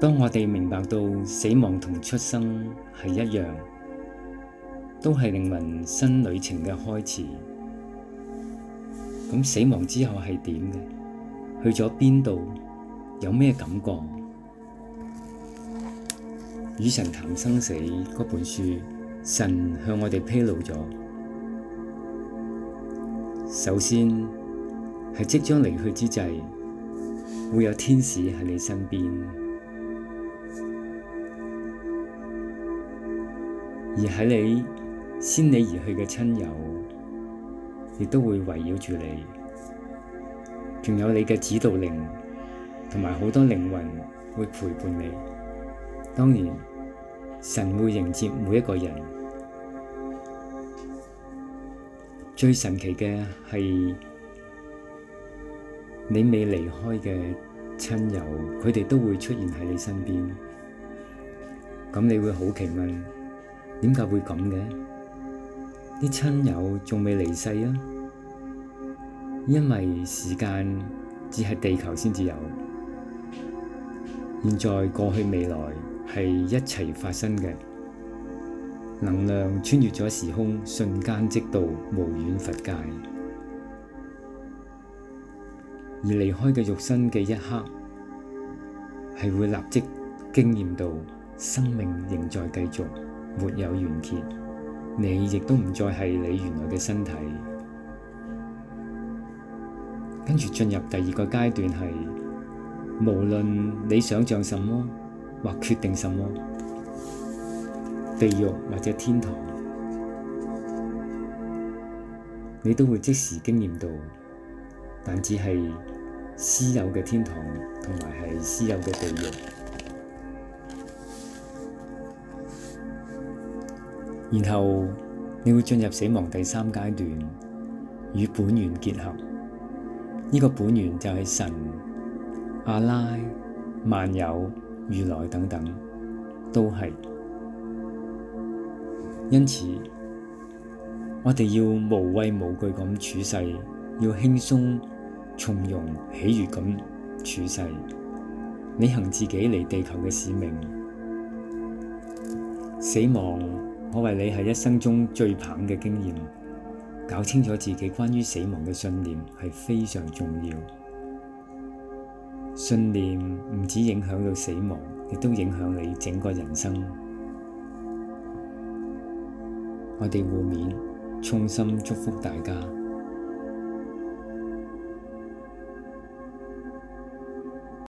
當我哋明白到死亡同出生係一樣，都係靈魂新旅程嘅開始。咁死亡之後係點嘅？去咗邊度？有咩感覺？與神談生死嗰本書，神向我哋披露咗。首先係即將離去之際，會有天使喺你身邊。而喺你先你而去嘅親友，亦都會圍繞住你，仲有你嘅指導靈，同埋好多靈魂會陪伴你。當然，神會迎接每一個人。最神奇嘅係，你未離開嘅親友，佢哋都會出現喺你身邊。咁你會好奇問。點解會咁嘅？啲親友仲未離世啊！因為時間只係地球先至有，現在過去未來係一齊發生嘅。能量穿越咗時空，瞬間即到無遠佛界，而離開嘅肉身嘅一刻，係會立即經驗到生命仍在繼續。沒有完結，你亦都唔再係你原來嘅身體，跟住進入第二個階段係，無論你想象什麼或決定什麼，地獄或者天堂，你都會即時經驗到，但只係私有嘅天堂同埋係私有嘅地獄。然後你會進入死亡第三階段，與本源結合。呢、這個本源就係神、阿拉、萬有、如來等等，都係。因此，我哋要無畏無懼咁處世，要輕鬆從容、喜悦咁處世。履行自己嚟地球嘅使命，死亡。我為你係一生中最棒嘅經驗，搞清楚自己關於死亡嘅信念係非常重要。信念唔止影響到死亡，亦都影響你整個人生。我哋互勉，衷心祝福大家。